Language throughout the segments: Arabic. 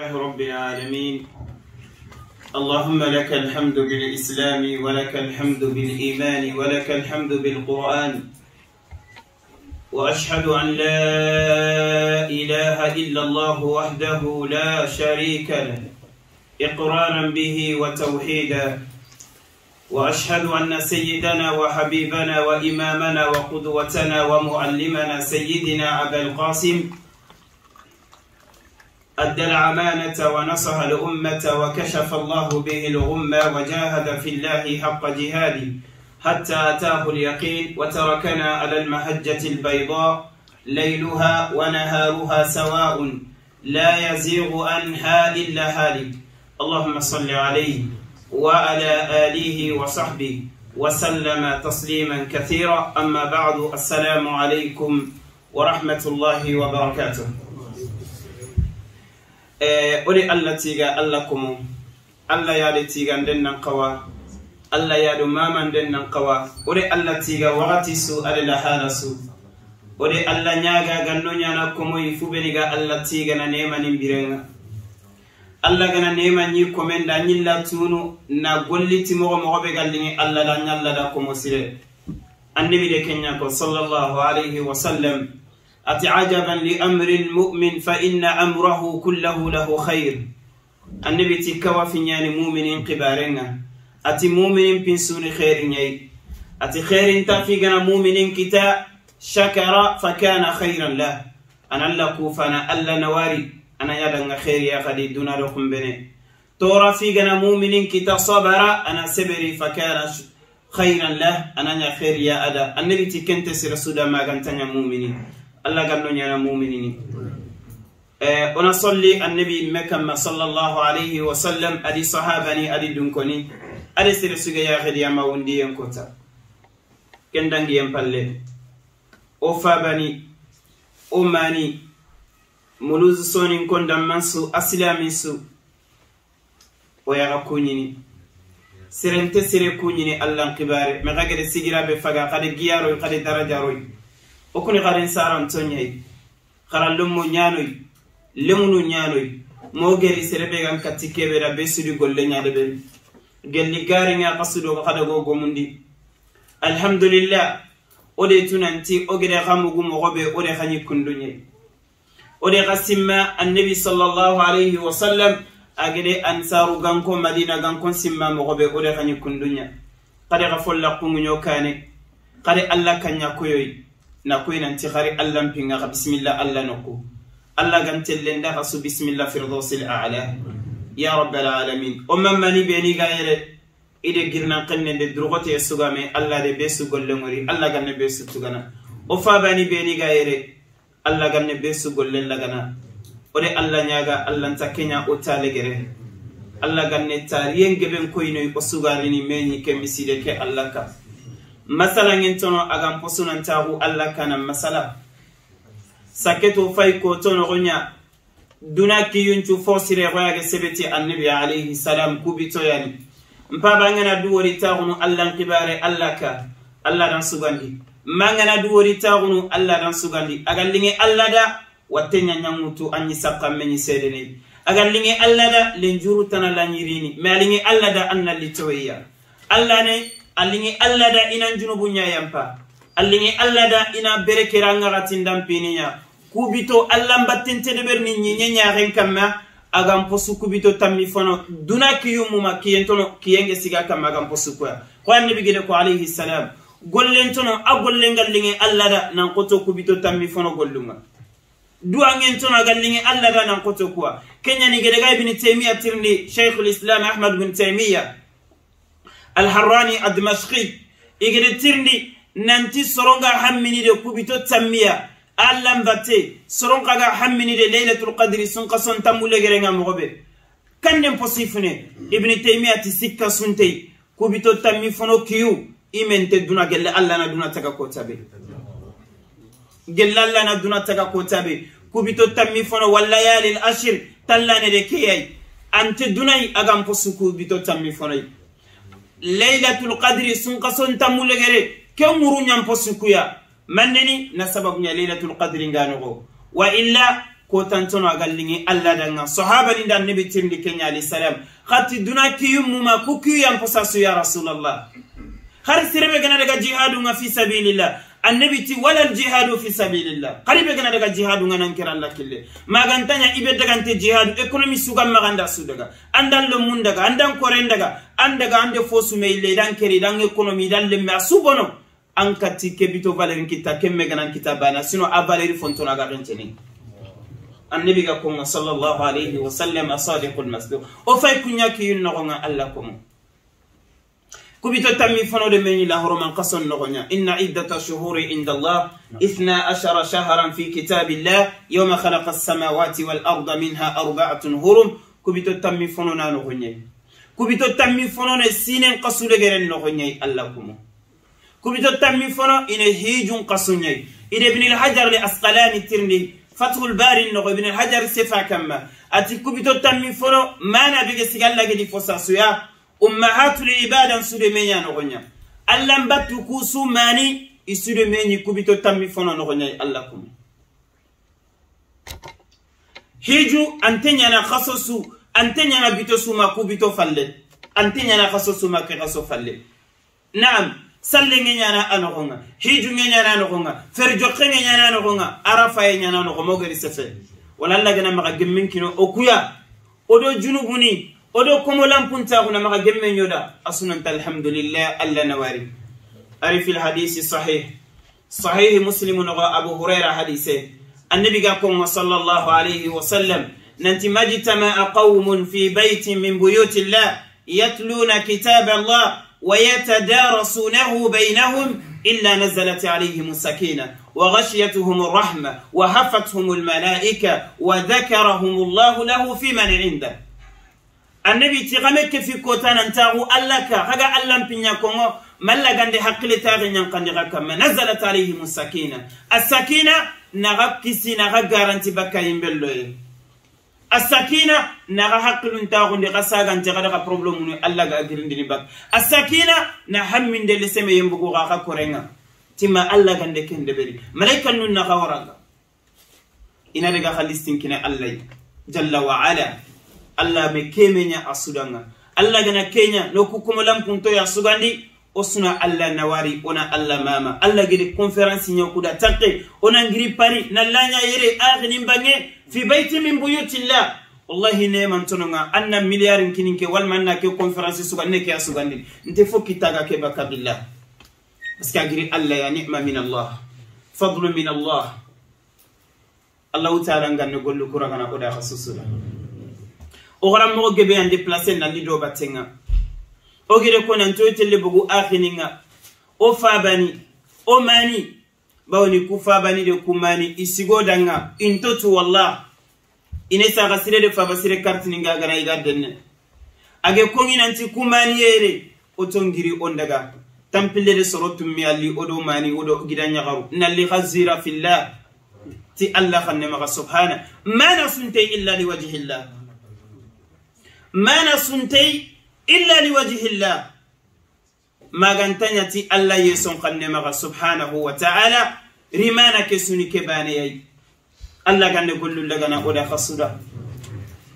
الله رب العالمين اللهم لك الحمد بالإسلام ولك الحمد بالإيمان ولك الحمد بالقرآن وأشهد أن لا إله إلا الله وحده لا شريك له إقرارا به وتوحيدا وأشهد أن سيدنا وحبيبنا وإمامنا وقدوتنا ومعلمنا سيدنا أبا القاسم أدى العمانة ونصح الأمة وكشف الله به الغمة وجاهد في الله حق جهاده حتى أتاه اليقين وتركنا على المهجة البيضاء ليلها ونهارها سواء لا يزيغ عنها إلا هالك اللهم صل عليه وعلى آله وصحبه وسلم تسليما كثيرا أما بعد السلام عليكم ورحمة الله وبركاته e ɓuri allah tiiga allah ko mum allah yaade tiiga nden nan kawa allah yaadu mama nden nan kawa ɓuri allah tiiga wakati su ale la hala su ɓuri allah ñaaga ganno ñana komoyi fu ɓeniga allah tiigana nemanin birenga allah gana nema ñi komen da ñilla tunu na golliti mogo mogoɓe galliŋi allah da ñallada komo sire annimide kenñako sallallahu alayhi wa sallam أتعجبا لأمر المؤمن فإن أمره كله له خير النبي تكوى في نيان مؤمن قبارنا أتي مؤمن بنسون خير ني أتي خير تفقنا مؤمن كتا شكر فكان خيرا له أنا لكو فأنا ألا نواري أنا يدن خير يا خدي دون لكم بني تورا في جنا مؤمن كتا صبر أنا سبري فكان خيرا له أنا يا خير يا أدا النبي تكنت سر سودا ما كنت مؤمنين allah gallo ñana muminini e ona solli annabi mekkamma sallllahu alayhi wa sallam adi sahaba ni adi ɗum koni aɗa sere suga yahidi yama wondi yen kota kendangi yen palle o fabani o mani molouse sonin kondamman su asilamin su o yaga kuñini serente sere kuñini allahn kibare maxa gede sigiraɓe faga xade giyaroy xade daradiaroy okuni xarin sarantoñay xara lomo ñanoy lemunu ñanoy mogeri serebe gan kati keɓera be sudi golle ñaɗoɓe gelli garinga kasudo xadago gomundi alhamdulillah ode tunanti ogere xa mugu moxoɓe ode xa ñikkunduñay ode xa simma annabi salllahu alayhi wa sallam agede ansaru ganko madina gankon simma moxoɓe ode xa ñikkunduña xade xa folla kuguño kane xade allah kanñakoyoy na koyi nanti hari allah npinga ka bisimilla allah nokku allah gantellenda ka su bisimilla firdosil ala ya rabialalamin o mammani beni ga yere ide girnan kenne nde durgote suga me allah de be su gollengori allah ganne be su tugana o fabani beni ga yere allah ganne be su gollen lagana ode allah ñaga allah nta keña o talegere allah ganne tariyen geɓen koynoy o sugarini meñi ke misiide ke allah ka masala ŋin tono a gan posunantahu alla kana masala saketo fay ko tonoxoɲa duna kiyuncu forsire xoyage sebeti annabi alayhi salam kubitoyani npaba ŋana duwori taxunu allan xibare alla ka alla dan sugandi ma ŋana duwori taxunu alla dan sugandi agan liŋe alla da watte ɲaɲaŋutu an ɲi sapkan meɲi sedene agan liŋe alla da len juru tana lanɲirini ma liŋe alla da an nalli towoyya alla ne alingi alla da ina njunubu nya yampa alingi alla da ina berekera keranga gatin dampininya kubito allan batten tedeber ni nyenye nyaren kamma agan posu kubito tammi fono duna kiyumuma kiyentono kiyenge siga kamma agan posu koya ko annabi gede ko alayhi salam gollen tono a gollen gallinge alla da nan koto kubito tammi fono gollunga duwangen tono a gallinge alla da nan koto kuwa ni gede ga ibni taymiya tirni shaykhul islam ahmad bin taymiya الحراني الدمشقي إجري ترني ننتي سرونغا حميني دي كوبيتو تامية ألم باتي سرونغا حميني دي ليلة القدري سنقا سنتمو لغيرنا مغبي كان ينبوسيفني ابن تيمية تسيكا سنتي كوبيتو تامي فنو كيو إمن تدونا جل الله ندونا تكا كوتابي جل الله ندونا تكا كوتابي كوبيتو تامي فنو والليالي الأشر تلاني دي كيي أنت دوني أغام بوسو كوبيتو تامي فنو laylatul qadri sunka sonta mulegere ke muru ñampo sukuya manneni na sababuña laylatul qadri nga nogo wa illa ko tantono a galliŋi allah danga sahabani da annabi tirndi kenya alayhisalam hati duna kiyu muma ku kiyu yampo sasu ya rasulallah har sirebe gana daga jihadu nga fi sabilillah annabi ti walal jihadu fi sabilillah kari be gana daga jihadu ngana kira Allah kille magantanya ibe daga ante jihadu economy suga maganda su daga andan lo mun daga andan koren daga andaga ande fosu me ile dan kere dan economy dan le me su bono an kati kebito valerin kita kemme gana kita bana sino a valeri fontona ga rentene annabi ga kuma sallallahu alaihi wa sallam asadiqul masduq o fay kunya ki yun nogonga Allah kuma كبيتو تامي فنو دمني لا رمان قصن نغنيا إن عدة شهور عند الله إثنى أشر شهرا في كتاب الله يوم خلق السماوات والأرض منها أربعة هرم كبيتو تامي فنو نغنيا كبيتو تامي فنو نسينين قصول غيرن نغنيا الله كبيتو تامي فنو إن هيجون قصنيا إن ابن الحجر لأسقلاني ترني فتح الباري نغ ابن الحجر سفا كما أتي كبيتو تامي فنو ما نبيك سيغالا جدي فوساسويا ummahatul ibadan sude menya no gonya allan battu ku sumani isude menyi kubito tammi fono no gonya allah kum hiju antenya na khasosu antenya na bito suma kubito falle antenya na khasosu ma ke khaso falle naam salle ngenya na anogonga hiju ngenya na anogonga ferjo ngenya na anogonga arafa ngenya na anogonga mogeri sefe wala allah gana maga gemmin kino okuya odo junubuni odo komo lampuntaxuna maxa gemmeñoda a sunanta alhamdulillah allah nawari ari fi lhadisi sahih sahihi muslimu noxo abu huraira hadise annabi ga konga sallallahu alayhi wa sallam nanti majtama'a qawmun fi baytin min buyuti llah yatluna kitaba allah wa yatadarasunahu baynahum إلا نزلت عليهم السكينة وغشيتهم الرحمة وهفتهم الملائكة وذكرهم الله له في من عنده annabi ti xame ke fi kotanantaxu alla ka xaga allanpiɲa kongo mallagande hakkilitaxe ɲankandi xa kanma nazalat alayhim sakina a sakina naxa kisi naxa garanti bakkayinbello ye a sakina naxa hakkiluntaxundi xa saganti xada xa problemunu alla ga girindini bak a sakina na hammindeli seme yenbugu xa xa korenga tima alla gande ken deberi malaika nun naxa waranga ina daga xa listinkine allay jalla wa ala Allah me kemenya asudanga Allah gana kenya no kukumo kunto ya sugandi osuna Allah nawari ona Allah mama Allah gede conference nya kuda tanke ona ngiri pari na lanya yere aghni mbange fi baiti min la. wallahi neman tononga anna milliard kininke walma anna ke conference sugandi ke asugandi nte fo kitaga ke bakabillah parce que agiri ya ni'ma min allah fadlu min allah allah ta'ala nganne gollu kuragana oda khasusuda ogara mogo gebe andi place nandi do batenga ogire ko nan to tele bugu akhininga o fabani o mani bawni ku fabani de kumani isigo danga intotu wallah ine saga sire de faba sire kartininga gana iga denne age kongi nanti kumani yere otongiri ondaga tampille de soro tummi alli odo mani odo gida ñagaru nalli xa zira fillah ti allah xannemaxa subhana mana sunte illa liwajihillah mana suntei illa liwajhi llah magantanyati allah ye sonkannemaga subhanahu wa taala rimana ke suni ke baneyai allah gande gollullagana oda hasuda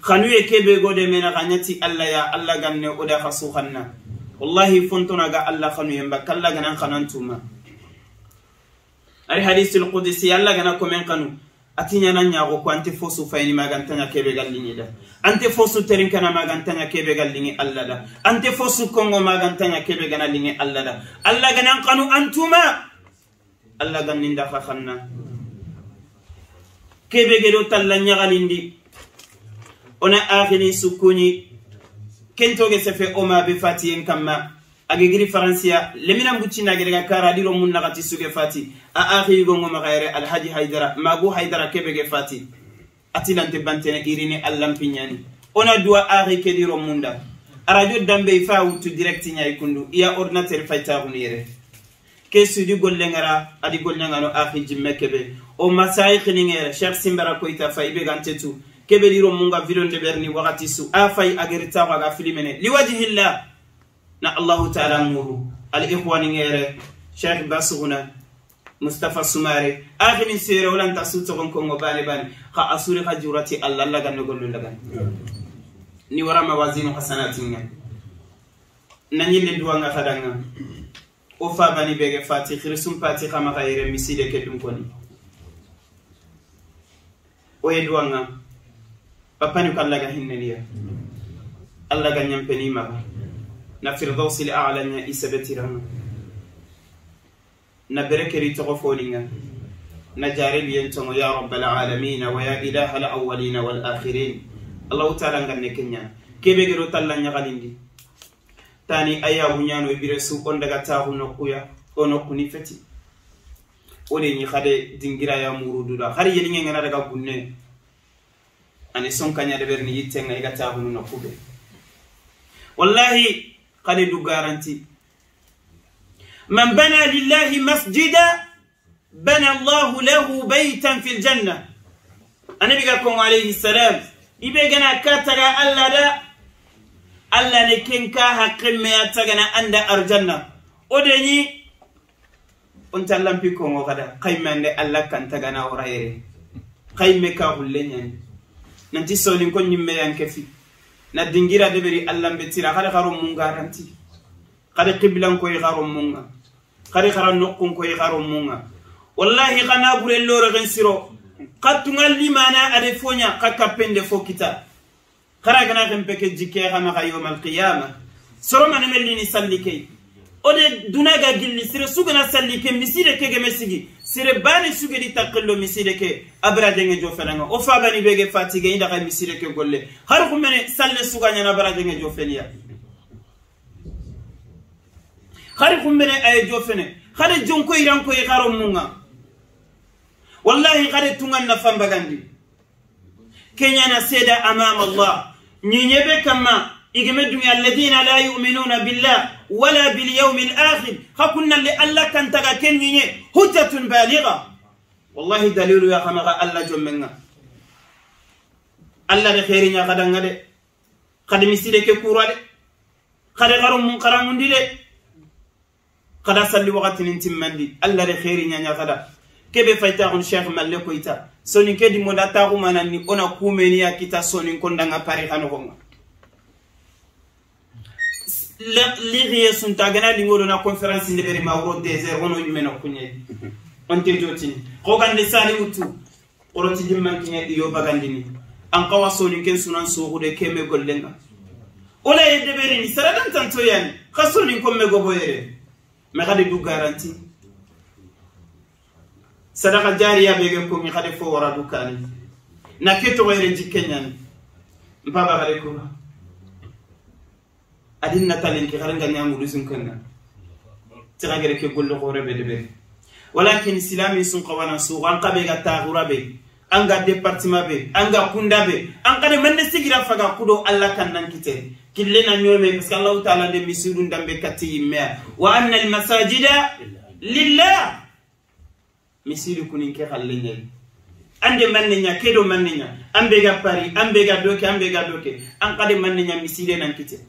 hanu ye kebe gode mena ganyati allah ya allah ganne oda hasu hanna wallahi fontonaga allah hanu yemba kalla ganan hanantuma ari hadisul qudsi allah gana komen kanu atiñana ñaago ko ante fo su fayni magantaña keɓe galliŋi da ante fo su terinkana magantaña keɓe galliŋi allah da ante fo su kongo magantaña keɓe gana liŋi allah da allah ganan kanu antuma allah ganninda fa xanna keɓe geɗo talla ñagalindi ona axini sukkuñi kentoge sefe oma be fatiyen kamma agegiri faransiya lemina ngucina gerega kara adiro mun nagati suge fati a akhi axi gongo maxayere alhaji haidara magu haidara kebege fati atilante bantene irine allampiñani ona dua akhi ke diro munda arajo dambe i fa wutu direct ñayi kundu iya ordinateur faytaxunu yere ke sudi gollengara adi gollengano akhi jimme kebe o masayi xiningere cheikh simbara koyta fa ibe be gantetu kebe diro munga vidéo ndeberni wakati su a fayi waga filimene liwajihillah na allahu taala muru al ikhwani ngere sheikh basuguna mustafa sumare afini sere wala ta su togon kongo bane bane kha asuri kha jurati allah laga no gollu laga ni wara mawazinu hasanatinga nanyille duwanga khadanga o fa bani bege fati khirsum pati khama khayre miside ke dum koni o ye duwanga papani kallaga hinneliya allah ga nyampeni maga na firdawsi l ala ŋa i sebetiraŋa na bere keri togo foniŋa na jareliyen toŋo ya rabalalamina waya ilaha lawalina walakhirin allahu taala ngane keya kebe gedo talla ɲagalindi tani ayabuyano ibiresu e o daga tahu nokkuya o nokkuni feti wo le ɲihade dingiraya murududa har yeliŋe ŋana daga gunne ani sonkaɲa deberini yittenŋa i e ga tahunu nokku be wallahi قالي دو غارانتي من بنى لله مسجدا بنى الله له بيتا في الجنة النبي قال عليه السلام يبقى كاترا ألا لا ألا نكنك هقم يتغنى عند الجنة ودني أنت لم بكم وغدا قيمة ألا كان تغنى ورائره قيمة كهولين يعني ننتي سولين كن يمي ينكفي na dingira deberi allan betira kare garon mun garanti kare qiblan koy garon munga kare garan nokkun koy garon munga wallahi kana bure lore gen siro katunga limana ade fonya kaka pende fo kita kara kana gen peke jike kana ga yom al qiyamah soro mane melini sallike ode dunaga gilli sire sugana sallike misire kege mesigi سيربان سوغي دي تاكلو ميسيدك ابرا دينغ جو فلانغ او فاباني بيغي فاتيغي داغي ميسيدك غولي هر خومني سال سوغاني نا برا دينغ جو فليا هر خومني اي جو فني خار جون كو يران كو يخارو مونغا والله غاري تونغان نافام باغاندي كينيا نا سيدا امام الله ني نيبي كما يجمدهم الذين لا يؤمنون بالله ولا باليوم الآخر خكنا لألا كان تغكني هجة بالغة والله دليل يا خمغا ألا جمعنا ألا لخيرين يا قدن غدي قد مسيدي كورا قد غرم من قرامون دي قد أصلي وقت ننتمان دي ألا لخيرين يا قدن kebe fayta on cheikh malle koyta sonin kedi mo dataxumananni ona kumeniya kita sonin kondanga pari xanoxonga Ligye sounta gena di ngou do na konferansi ne beri ma wou deze, wou nou yume nou kounye. On te joutin. Kou kande sa li woutou. Kou roti jimman kine di yo bagan dini. An kawa sou ni ken sou nan sou wou de ke me gol denga. Ola e de beri ni, sara dan tan to yan, kwa sou ni kon me gobo ere. Me gade dou garanti. Sara gade jari ya bege kou mi gade fow wara dou kani. Na kye tou gare di kenyan. Mpa ba gade kou. أدين نتالين كخارن كان يعمل لزم كنا تغير كي يقول له قرب بدب ولكن سلامي سون قوانا سوغان قبيغا تاغورا بي أنغا ديبارتما بي أنغا كوندا بي أنغا دي من نسيك رفاقا قدو ألا كان ننكته كلنا نيومي بس الله تعالى دي مسيرون دم بكتي إما وأن المساجد لله مسيرو كنين كخالين أنت من نيا كيدو من نيا أم بيغا باري أم بيغا دوكي أم بيغا دوكي أنغا دي من نيا مسيرين ننكته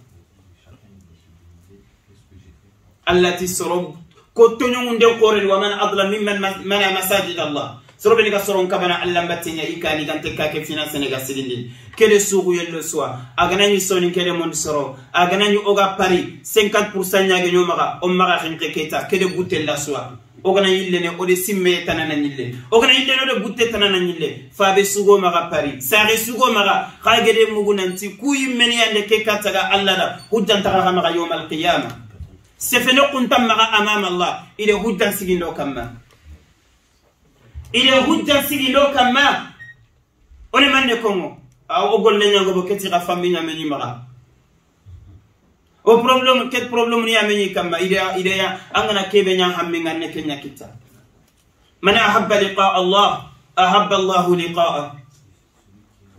allati soron ko toñogunden korel waman adlam mimman mana masajid allah sorobeni ga soron kabana allanbatteña i kani gante kake financene ga sigindin kede suuguyello suwa aganañi soni kede mondi soro aganañi oga pari 50 pourcent ñageño maxa o maxa xinxe keta kede gutella suwa ogana yillene ode simme tanana ñille ogana yillene ode gutte tanana ñille faabe sugo maxa pari saxe sugo maxa xa gede mugu nanti ku yimmeniyande ke kattaga allah da hujjantaxa xa maxa yowma alqiyama سفنا قن تم أمام الله إلى هود سجن لو كما إلى هود سجن لو كما أولي من نكمو أو أقول لنا غبو كتير أفهمين أمني مرا أو problem كت problem ني أمني كما إلى إلى يا أنا كيبني أهم من أن كنيا كتا من أحب لقاء الله أحب الله لقاءه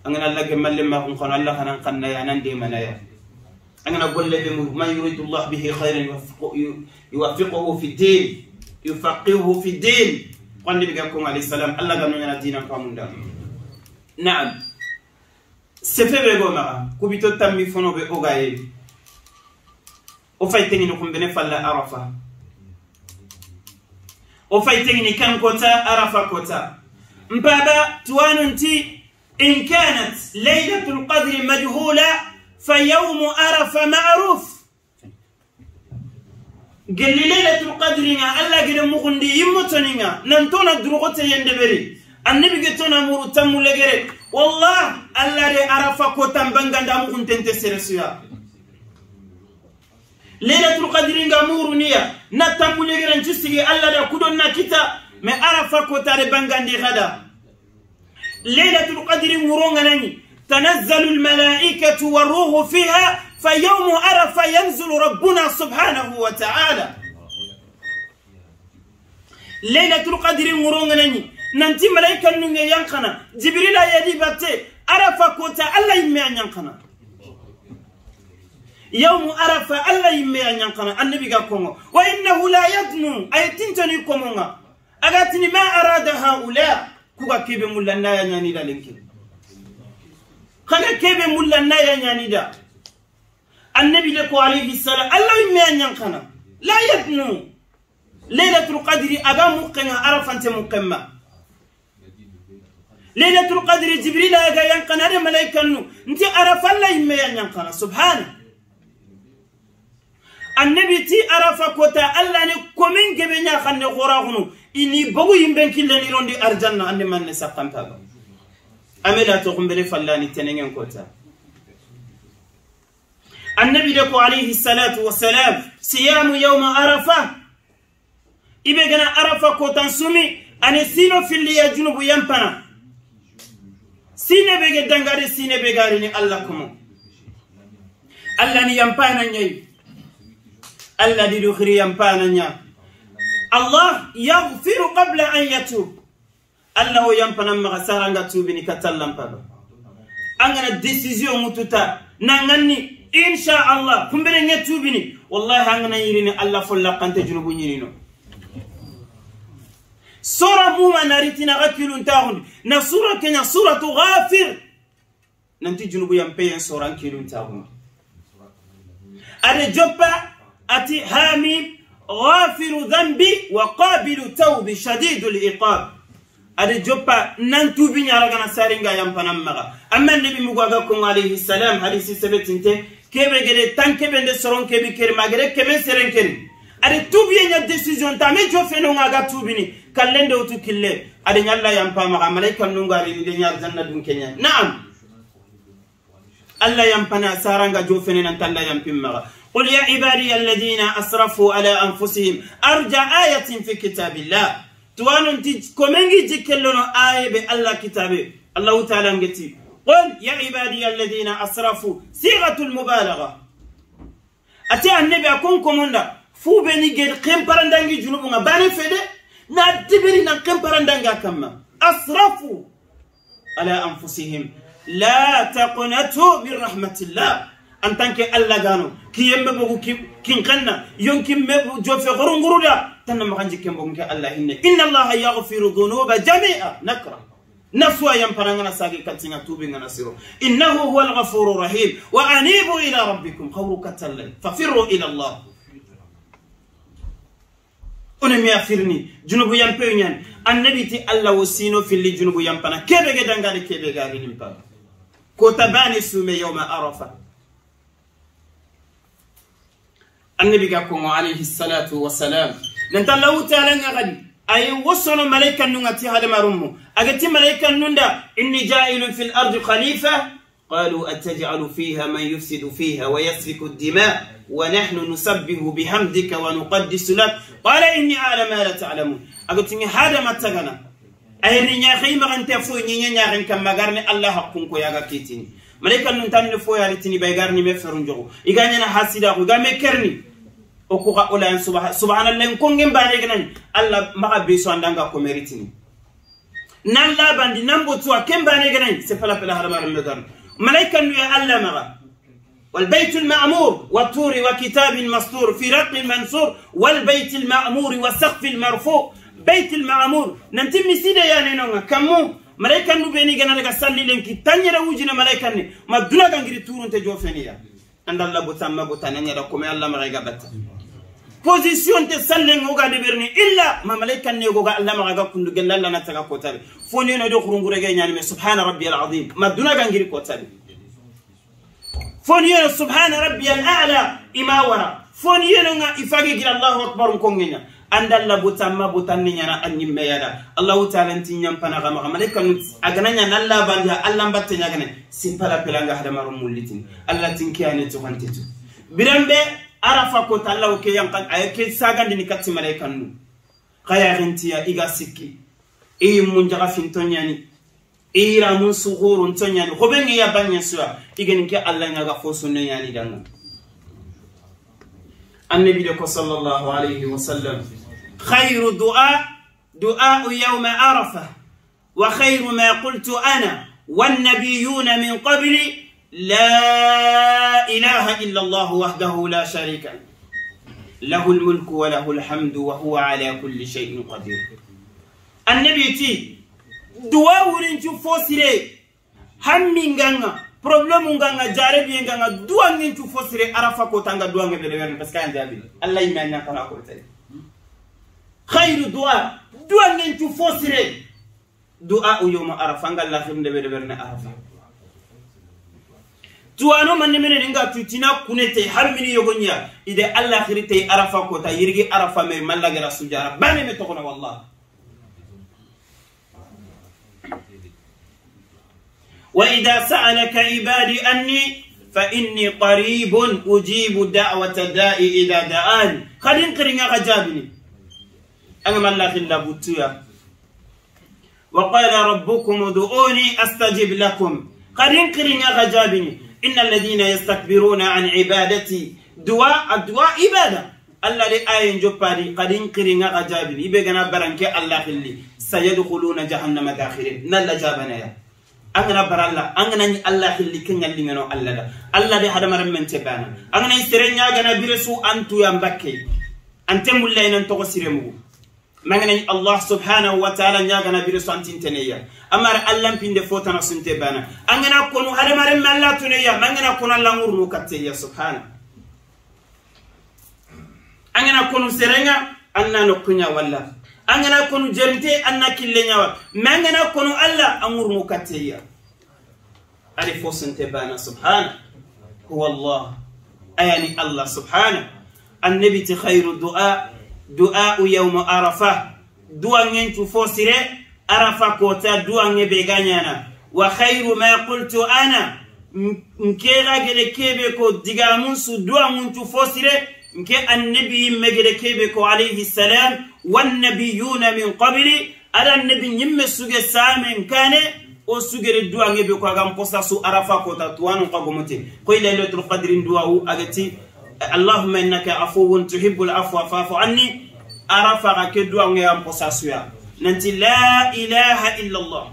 أنا لك ملم ما قن الله أنا قن يا نندي من يا يعني. أنا أقول لك من يريد الله به خيرا يوفقه, يوفقه في الدين يفقهه في الدين قال النبي عليه السلام الله قال لنا دينا قام نعم سفر بغوما كوبيتو تامي فونو بأوغاي وفايتيني نقوم بنفال أرفا وفايتيني كان كوتا أرفا كوتا مبابا توانو انتي إن كانت ليلة القدر مجهولة فيوم عرفة معروف قال لي ليلة القدر ألا قد مخن دي يمتنين نمتون الدروغة يندبري النبي قد مورو تم لغيري والله ألا ري عرفة كوتان بانغان دا مغندين تسرسيا ليلة القدر مورو نيا نتم لغيري نجسي ألا ري كدون كتا ما عرفة كوتان بانغان دي غدا ليلة القدر مورو غناني تنزل الملائكة والروح فيها فيوم عرفة ينزل ربنا سبحانه وتعالى ليلة القدر ورونغنني nanti malaika nunge yankana jibrila yadi batte arafa kota allah yimme a yankana yawmu arafa allah yimme a yankana annabi ga kongo wa innahu la yadnu aye tintoni komonga agatini ma arada haula kuga kebe mulla naya ñanila lenkin kana kebe mulla na ya nyani da annabi le ko alayhi salam allah me nyan kana la yatnu lailatul qadri aba muqina arafante muqamma lailatul qadri jibril aga yan kana de malaikan nu nti arafa la me nyan kana subhana annabi ti arafa kota allah ne komen gebe nya kanne khora kunu ini bagu yimben kille ni rondi arjanna ande manne sakkanta amela to kumbere fallani tenengen kota annabi de ko alayhi salatu wassalam siyamu yawma arafa ibe gana arafa kotan sumi ani sino filliya junubu yampana sine bege dangare sine begari ni allah kumo allah ni yampana ñayi allah didu hiri yampana ña allah yagfiru qabla an yatub alla wo yampananmaxa saranga tubini katallanpaba angana décision ŋututa nanganni insha allah kumbene ŋe tubini wallahi angana yirini alla follakante junubu ñinino sora muma naritinaxa kiluntaxundi na sura keña suratu gafir nanti junubu yampeyen soran kiluntaxuma ade joppa ati hamim غافر ذنبي وقابل توبي شديد العقاب ada jopa nan tubi nyara gana saringa panam maga amma nabi mugo aga kon alayhi salam hadisi sabetinte kebe gere tan kebe de soron kebe ker magere kebe seren keri ada tubi nya decision ta me jo feno ngaga tubi ni kallende utu kille ada nyalla pa maga malaika nunga ri de nyar janna dun kenya na'am alla pana saranga jo fene nan talla pim maga قل يا عبادي الذين أسرفوا على أنفسهم أرجى آية في كتاب الله توانون تج كومنجي جكلونو آية بالله كتابي الله تعالى انجتي قل يا عبادي الذين أسرفوا صيغة المبالغة أتي النبي أكون كمونا فو بني جد قيم برندانجي جنوبنا باني فده نادبري قيم برندانجا كما أسرفوا على أنفسهم لا تقنطوا من رحمة الله en tant que Allah gano ki yembe bugu ki kin kanna yonki mebu jofe gorum guruda tan ma kanji kembo ngi Allah inna inna Allah yaghfiru dhunuba jami'a nakra نفوا ينفرنا ساقي كتنا توبنا نسيرو إنه هو الغفور الرحيم وأنيبوا إلى ربكم خورو كتلا ففروا إلى الله أنم يفرني جنوب ينبيون أن النبي تي الله وسينو في اللي جنوب ينبنا كيف جدا قال كيف قال نمتا كتباني سومي يوم أرفا النبي قاكم عليه الصلاة والسلام ننتال لو تعلن غني أي وصل ملايكا نغتي هذا مرمو أغتي ملايكا نندا إني جائل في الأرض خليفة قالوا أتجعل فيها من يفسد فيها ويسفك الدماء ونحن نسبه بحمدك ونقدس لك قال إني أعلم ما لا تعلمون أغتي هذا ما تغنى أي نيا خيمة غنتفو نيا نيا غنكم مغارني الله حقكم كويا غاكيتيني ملايكا نغتي فويا غاكيتيني بيغارني مفرنجو إغانينا حاسدا غو غامي كرني okuka ulan subha subhanallah kongen bare gnan allah maga so andanga ko meritini nan labandi nan botuwa ken bare gnan se fala fala harama harbar medan malaika nu ya allah maga والبيت المعمور والطور وكتاب مسطور في رق منصور والبيت المعمور والسقف المرفوع بيت المعمور نمتم سيدا يعني نونا كمو ملايكا نبيني غانا لغا سالي لنكي تانيرا وجينا ملايكا ني ما دولا غانغري تورون تجوفينيا عند الله بوتا ما بوتا نانيا دا الله مرغا بتا position te sallen oga de berni illa ma malaika ne goga alla ma ga kundu gella la na taka kotabe foni no do kurungure ge nyani me subhana rabbiyal azim ma duna ga ngiri kotabe foni no subhana rabbiyal a'la ima wara foni no nga ifage gira allahu akbar ko ngenya andal la buta andalla butamma butanni nyana me yada allah ta'ala nyam pana ga ma malaika nu nya nalla banda alla mbatte nyagane simpala pelanga hada marum allah tin kiyane to hantitu birambe arafa kota allahu ke yanka aye ke nu khaya malayikannu ya iga sikki e mun ra mun iramun tonyani ɲani ben ya suwa igen ke allah ga fo sunne ɲani danga annabi de ko sallallahu alayhi wa sallam khayru du'a du'a'u yawma arafa wa khayru ma qultu والنبيون من قبلي لا إله إلا الله وحده لا شريك له الملك وله الحمد وهو على كل شيء قدير النبي تي دواء ورنجو فوسري همين غانا بروبلم غانا جاربي غانا دواء ورنجو فوسري عرفا كو تانغا دواء ورنجو بس كان جابي الله يمانا كنا كو تاري خير دواء دواء ورنجو فوسري دواء يوم عرفا غالا خيرن دواء ورنجو عرفا tuwano manne mene ninga tutina kunete har mini yogonya ide alla khirite arafa kota yirgi arafa me mallagara sujara bane me tokona wallah wa idha sa'alaka ibadi anni fa inni qaribun ujibu da'wata da'i idha da'an khadin qiringa khajabini anga mallakhinda butuya وقال ربكم ادعوني استجب لكم قرين قرين يا غجابني إن الذين يستكبرون عن عبادتي دعاء الدعاء عبادة الله لي آيين جو باري قدين قرينا أجابين إبغانا برانك الله خلي سيدخلون جهنم داخلين نالا جابنا يا angana baralla angana ni allah hilli kengal lingano allah da allah de hadamar men tebana angana sirenya gana biresu antu ya mbakke ante mullainen to siremu mangana allah subhanahu wa ta'ala nyagana biro santinteneya amara allah pinde fotana sinte bana angana kono haremare malla tuneya mangana kono langurnu katteya subhana angana kono serenga anna nokunya walla angana kono jerinte anna killenya wa mangana kono allah angurnu katteya ali fo sinte bana subhana huwa allah ayani allah subhana annabi ti khairu du'a du'au yawmu arafa du'angen cufo sire arafa kota du'ange be gañana wa hayru ma qultu ana nke lagede keɓe ko digamum su du'amum cufo sire nke annabi yimme gede keɓe ko alayhi salam wannabiyuna min qabili ada annabi yimme suge samen kane o sugere du'ange ɓe ko agam kosa su arafa kota tuwanu kagomote koye laylatul qadirin du'au agati اللهم انك عفو تحب العفو فاعف عني ارفع كدو ان يمقصاسيا ننتي لا اله الا الله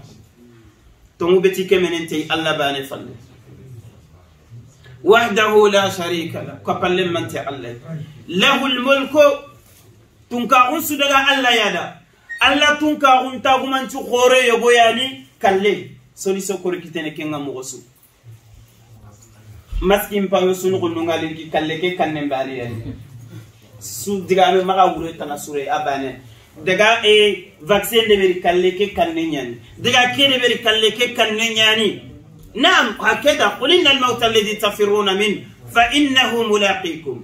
تمو بتي كمن انتي الله بان فل وحده لا شريك له كبل من انت الله له الملك تنكا سدغا الله يدا الله تنكا انت غمن تخوري يبو يعني سولي سكور كتنكين مغسو maskin pawe sunugu nungalin ki kalle ke kannen bari yani su diga me maga wuro tana sure abane daga e vaccine de beri kalle ke kannen yani daga ke de beri kalle ke kannen yani نعم هكذا قل إن الموت الذي تفرون منه فإنه ملاقيكم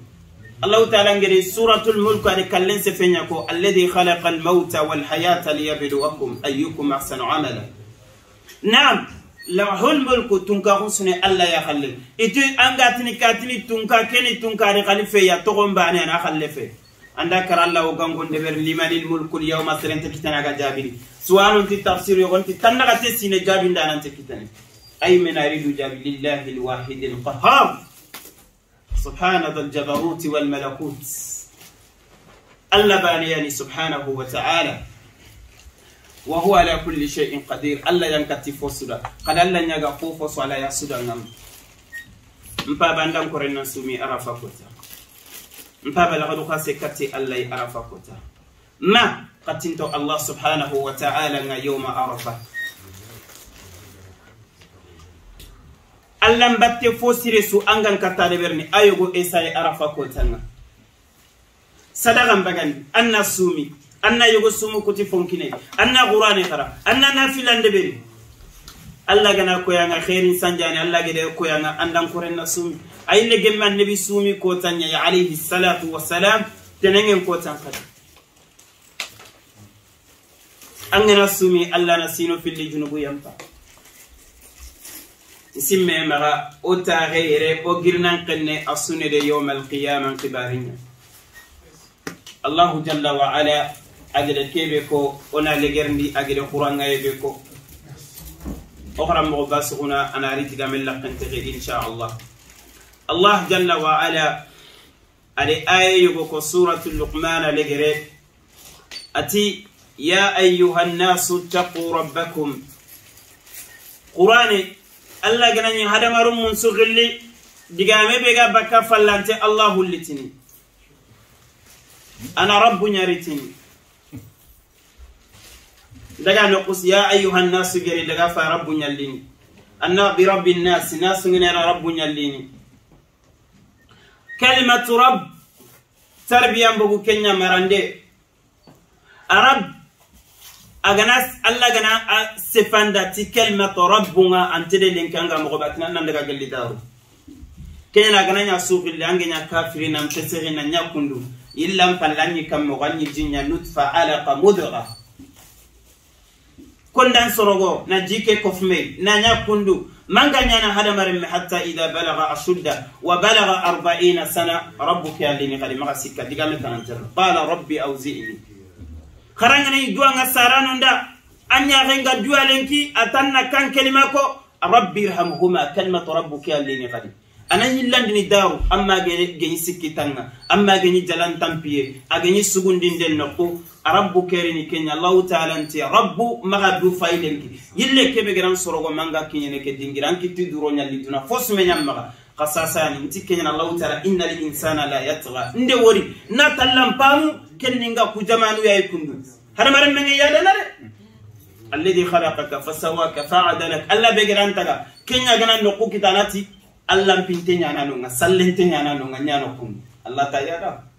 الله تعالى قال سورة الملك على كلنس الذي خلق الموت والحياة ليبلوكم أيكم أحسن عملا نعم لاهول ملكو تونكا روسني الله يا خالي إتو أنغاتني كاتني تونكا كني تونكا رخالي في يا تقوم باني أنا خالي في عندك الله وكان كون دبر لمن الملك اليوم أسرنت كتنا كجابين سؤال أنت تفسير يقول أنت تنا كتسين جابين ده أنت كتنا أي من أريد جاب لله الواحد القهار سبحان ذا الجبروت والملكوت الله بانياني سبحانه وتعالى وهو على كل شيء قدير الله ينكتي فسدا قد الله نجا فوفو على يسودا نم مبابا ندم كورنا سومي أرافا كوتا مبابا لغدو خاسي كتي الله أرافا كوتا ما قتنتو الله سبحانه وتعالى يوم أرفا allah batte fo سو su angan kattade ɓerni ayogo esaye arafa kotanga sadakan bagandi anna anna yogo sumu kuti fonkine anna qur'ane khara anna nafilan de beri alla gana ko yanga khairin sanjani alla gede ko yanga andan koren na sumi ayne gemma annabi sumi ko tanya ya alayhi salatu wassalam tenengen ko tan khata angena sumi alla na sino fil junubu yampa simme maga o taxe yere o girnan qenne a sunede yowma alqiyama n qibarinya allahu jalla wa ala agede kebe ko ona legerndi agede xurangayeɓe ko o xaranmoxo ba suguna ana ritigamen laqentexe inchallah allah jalla wa ala ade aye yogo ko suratu luqmana legere ati ya ayuha nnasu taqu rabbakum qur'ane allah ganañin hadamarun mun sugilli digame ɓe ga bakka fallante allah hullitini ana rabbu ñaritini daga noqus ya ayuha nnasu geri daga fa rabbu ñallini anna bi rabbi nnasi nasu ngenera rabbu ñallini kalimatu rab tarbiyan bogu kenya marande arab agana alla gana a sefanda ti kalimatu rabbunga antede lenkanga mogoɓe atina nan daga gellitaru kenyana agana ña sufille ange ña kafirina mpesirina ña kundu illan palle an ñi kammogo an ñi jinña nutfa alaqa mudra kondan sorogo na jike kofmei na nya kundu manga nyana hadamaren me hatta ida balaga ashudda wa balaga arbaina sana rabbuka yallini kadi maga sikka digame kanantera qala rabbi auzini karanganai duwanga saranonda an ñaxenga duwalenki a tanna kan kelima ko rabbi irhamhuma kalimatu rabbuka yallini kadi ana yillandini daru amma geñi sikki tanga amma geñi jalan tampiye a geñi sugundinden noqu arabu kerini kenya allahu taala nti rabbu maga du fayinenki yille kebe geran sorogo manga kiñeneke dingira an kitti duro ñalli duna fo sumeñan maga xa sasani nti keñan allahu taala inna l insana la yatga nde wori na tallanpanu kenninga ku jamanu yayi kundu hadamaren menge yadana de alladi halakaka fasawaka faadalak allah be geran taga kenya gana noku kitanati allanpinte ñananonga sallente ñananonga ñano kundu allah ta yada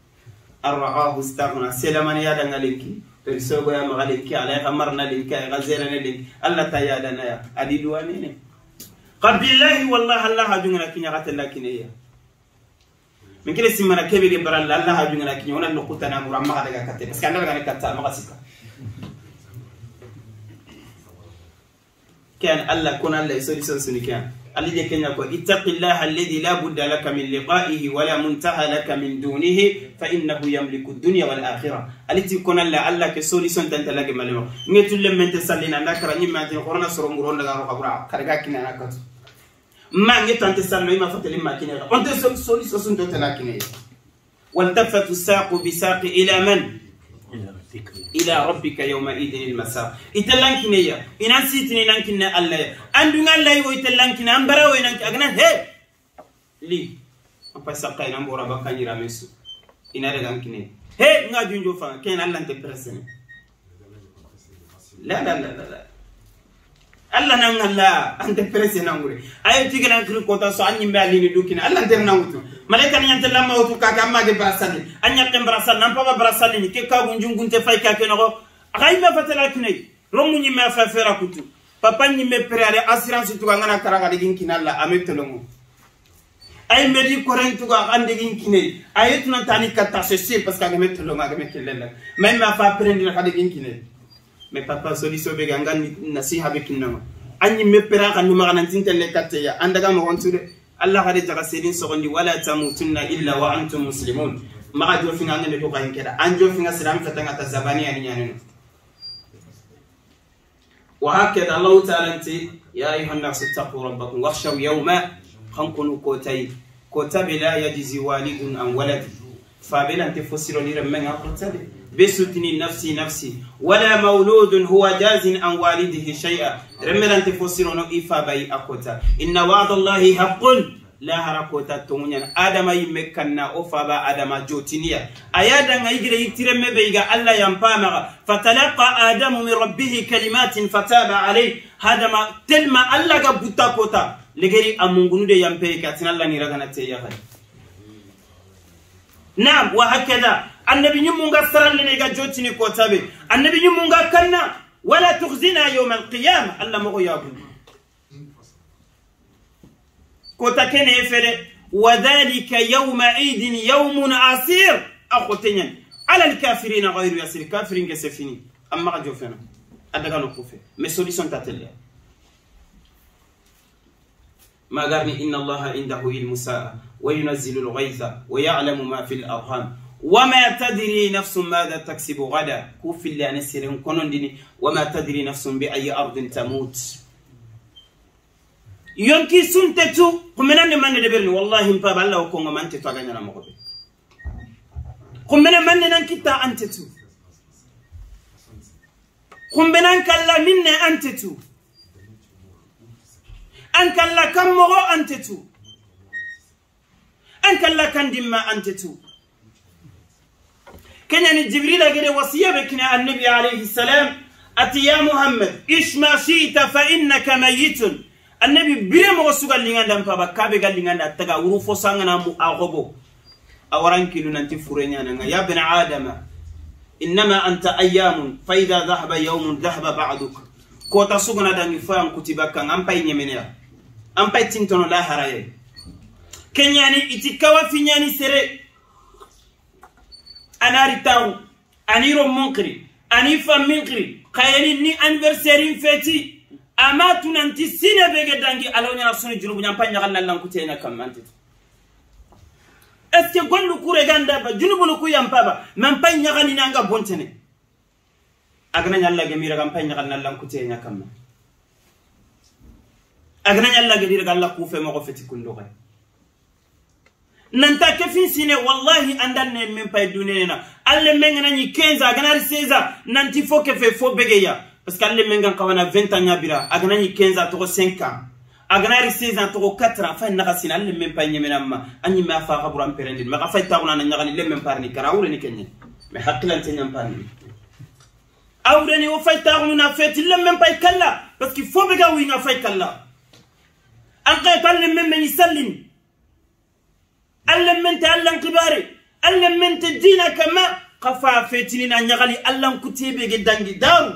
الرعاه استغنى سلمان يا دنا لينكي برسوغو يا مغالينكي على غمرنا لينكي غزيرنا لينك الله تايا دنا يا ادي دوانيني قد بالله والله الله هاجونا لكن نغات لكن هي من كل سمنا كبير برا الله هاجونا لكن ولا نقطة انا مرمى هذا كاتب بس كان لك كاتب ما غسيك كان الله كون الله يسوي سنسني كان الذي كان يقول اتق الله الذي لا بد لك من لقائه ولا منتهى لك من دونه فإنه يملك الدنيا والآخرة التي كنا لعل سوري سنت أنت لك ملما نتول من تسلينا نكرا نما قرنا سر مرون لغا روح برا كرقا كنا نكت ما نيت أنت سلم ما فتل ما كنا أنت سوري سنت أنت لك والتفت الساق بساق إلى من الى ربك يوم إذن المساء يتلانكن يا ان نسيتني نانكن الله اندون الله ويتلانكن امبرا وينك اغنا هي لي ابا سقاي نمبر ربك يرا مسو ان هذا كان هي نجا جونجو فان كان الله انت برسن لا لا لا لا, لا. Allah na ngala ante presi na ngure ayo tigana kru kota so anyi mbali dukina Allah ante na ngutu malaika ni ante lama utu kaka ma de brasali anya tem brasali nan pa brasali ni ke ka gunjungun te fay ka keno ay me fatela kinai romu me fa fera kutu papa ni me prare assurance tu ngana taranga de gin kinal la ame telomo ay me di koren tu ga ande gin kinai ayet na tani katta se parce que ame telomo ame même ma fa prendre la de gin mais papa solution be ganga nasiha be kinnama anyi me pera kan numa kan tinta le katte ya andaga mo wontu de allah hade jaga sedin sogondi wala tamutunna illa wa antum muslimun maga jo finga ngene ko kan keda an jo finga siram fatanga ta zabani ani nyane wa hakada allah ta'ala anti ya ayuha an-nas ittaqu rabbakum wakhshaw yawma kankunu kotai kotabe la yajzi walidun an walad fabela anti fosiro ni remenga kotabe بسوتني نفسي نفسي ولا مولود هو جاز عن والده شيئا رملا تفسرون إفا باي أكوتا إن وعد الله حق لا هركوتا تونيا آدم يمكنا با آدم جوتينيا أيادا يجري يترمي بيغا ألا ينبامغ فتلقى آدم من ربه كلمات فتاب عليه هذا ما تلما ألا قبوتا كوتا لغيري أمونغنو دي يمبيكا تنالا نيرغانا تيغاني نعم وهكذا النبي نمونغا سران لنغا جوتيني كوتابي النبي نمونغا كنا ولا تخزنا يوم القيامة الله مغيابون كوتا كان وذلك وذلك عيد يوم عسير أخوتين على الكافرين غير يسير كافرين كسفيني أما غجوفنا أدغانو كوفي مي سوليسيون تاتليا ما دام إن الله عنده علم الساعة وينزل الغيث ويعلم ما في الأرحام وما تدري نفس ماذا تكسب غدا كوف اللي نسيرهم كنون وما تدري نفس بأي أرض تموت yonki sunte tu kumenande manne de berni wallahi mpaba alla okongo mante to aganya na mogobe kumene manne nan kitta ante tu kumbenan kalla minne ante tu أنك لا كم مغو أنت تو أنك كان لا كان دما أنت تو كان يعني جبريل قال وصية بكنا النبي عليه السلام أتي يا محمد إيش ما شئت فإنك ميت النبي بلا مغو سوغا لنغان دم فابا كابي قال لنغان أتغا وروفو سانغنا مؤغبو كيلو ننتي فرينيانا يا ابن آدم إنما أنت أيام فإذا ذهب يوم ذهب بعضك كوتا سوغنا داني فان كتبك أمباي نيمينيا ampa tintono la haraye kenyani itikawa finyani sere anari taw aniro munkri anifa minkri kayeni ni anniversaire feti ama tunanti sine bege dangi alawnyana sunu junubu nyampa nyagal nan kutena kamanti est ce gondu kure ganda ba junubu lu kuyampa ba mampa nyagal ni nanga bontene agana nyalla gemira kampa nyagal nan kutena kamanti agana yalla gedir galla kufe mo feti kundo kay nanta kefin sine wallahi andan ne men pay dunene na alle men nani 15 agana 16 nanti fo kefe fo begeya parce que alle men gan kawana 20 ans yabira agana ni 15 to 5 ans agana 16 ans to 4 ans fa naga sine alle men pay nyemena ma anyi ma fa kabura amperende ma fa tawna na nyaga ni le men parni karawre ni kenye me haklan tenyam parni awre ni o fay tawna na feti le men pay kala parce que fo bega wi na fay kala أنقى يكلم من من يسلم ألم من تألم كباري ألم من تدينا كما قفا فيتني أن يغلي ألم كتيبي جدانجي دارو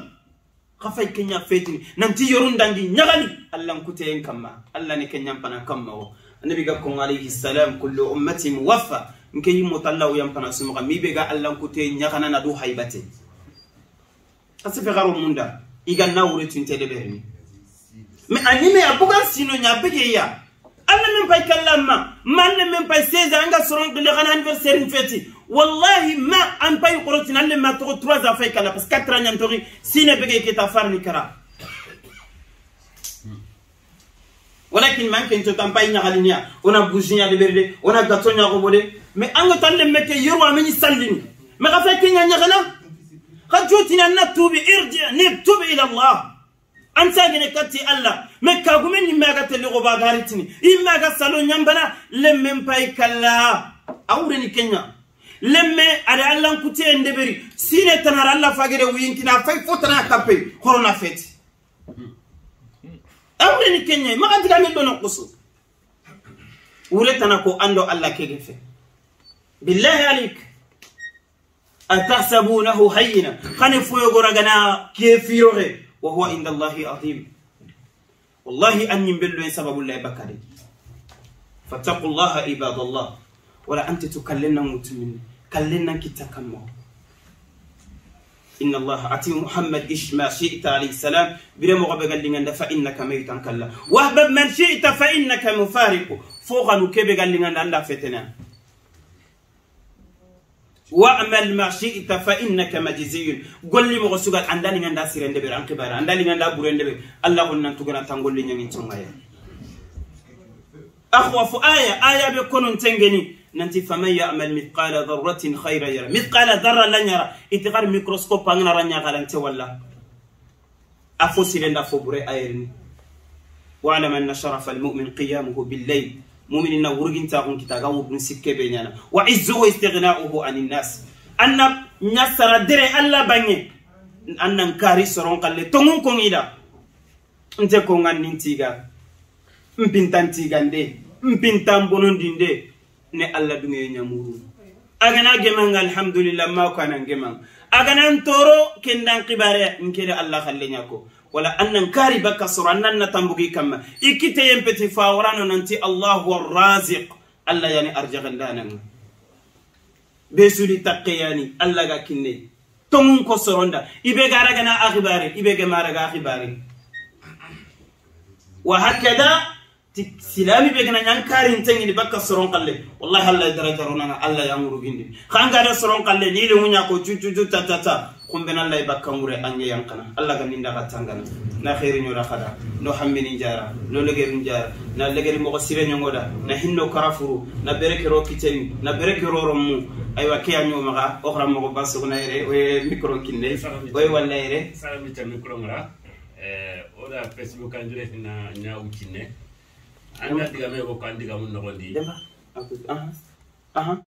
قفا كنيا فيتني ننتي يرون دانجي يغلي ألم كتين كما ألا نكنيا بنا كما النبي قال عليه السلام كل أمتي موفى nke yi motalla o yampana sumaga mi be ga allan kute ɲagana na do haybate a sefe xaro munda me anyime ya buga sino nya bege ya alla men pay kallamma malle men pay 16 anga soron de l'an anniversaire feti wallahi ma an pay qorotin alle ma to 3 ans fay kala parce 4 ans nyam tori sine bege ke ta farni kara ولكن ما كنت تنبأي نغالينيا ونا بوجينيا دبرد ونا غاتونيا غوبودي مي انغو تالم مكي يروا مني سالين ما غفاكين يا نغلا خجوتنا نتوب ارجع نتوب الى الله ansa gene katti alla mekka gumen yimma ga tele go bagaritini yimma ga salo nyambana lemme mpai kala awre ni kenya lemme ada alla kutie ndeberi sine tanara alla fagere winkina fay fotana kape corona fete awre ni kenya maga diga mi dono kusu wure tana ko ando alla kege fe billahi alik atahsabunahu hayyina khani fuyo goragana kefiro he وهو عند الله عظيم والله أني ينبلو سبب الله بكري فاتقوا الله عباد الله ولا أنت تكلنا متمن كلنا كتكمو إن الله أتي محمد إيش ما شئت عليه السلام بلا مغبغ قال لنا فإنك ميت كلا وهب من شئت فإنك مفارق فوق نكبي قال لنا لا فتنه واعمل ما شئت فانك مجزي قول لي مغو سوغات عندني ناندا سيرن دبر ان كبار عندني ناندا بورن دبر الله نان تغنا تانغول لي نين تنغايا اخوف ايه ايه بكون تنغني nanti faman ya'mal mithqala dharratin khayra yara mithqala dharra lan yara itigar microscope angana ranya galante walla afo sirenda fo bure ayerni wa'lam anna sharafa almu'min qiyamuhu bil-layl مؤمنين ورجين تاهم كتاعه وبنسيب كبينيانا وعزه استغناؤه عن الناس أن نسر دري الله بني أن نكاري سرون قال تونغ كون إذا أنت كون عن نتيجة مبنتان تيجاندي مبنتان بنونديندي ne Allah dunge nyamuru agana gemang alhamdulillah ma kana gemang agana ntoro kendan qibare nkere Allah khalle nyako ولا أنن كاربك صر أنن تنبغي كما إكتي يمبتي فاوران ننتي الله هو الرازق الله يعني أرجغ اللانم بسولي تقياني الله غاكيني تمون كو سروندا إبه غارغنا أخباري إبه غمارغ أخباري وهكذا سلامي بيغنا نانكاري نتيني بكا سرون قال والله الله درجه رونا الله يامرو غيندي خان غادا سرون قال لي لي مو تا تا تا kumbena lay bakkangure anya yang kana alla ga ninda ga tangana na khairi nyora khada no hammi ni jara no legeri jara na legeri mo sire nyongoda na hinno karafuru na bereke ro kiteni na bereke ro romu ay wa kiya nyoma ga okhra mo basu na ere we mikro kinne boy walla ere salami ta mikro ngra eh oda facebook andre na nya uchine anda digame ko kandiga mun no kondi demba aha aha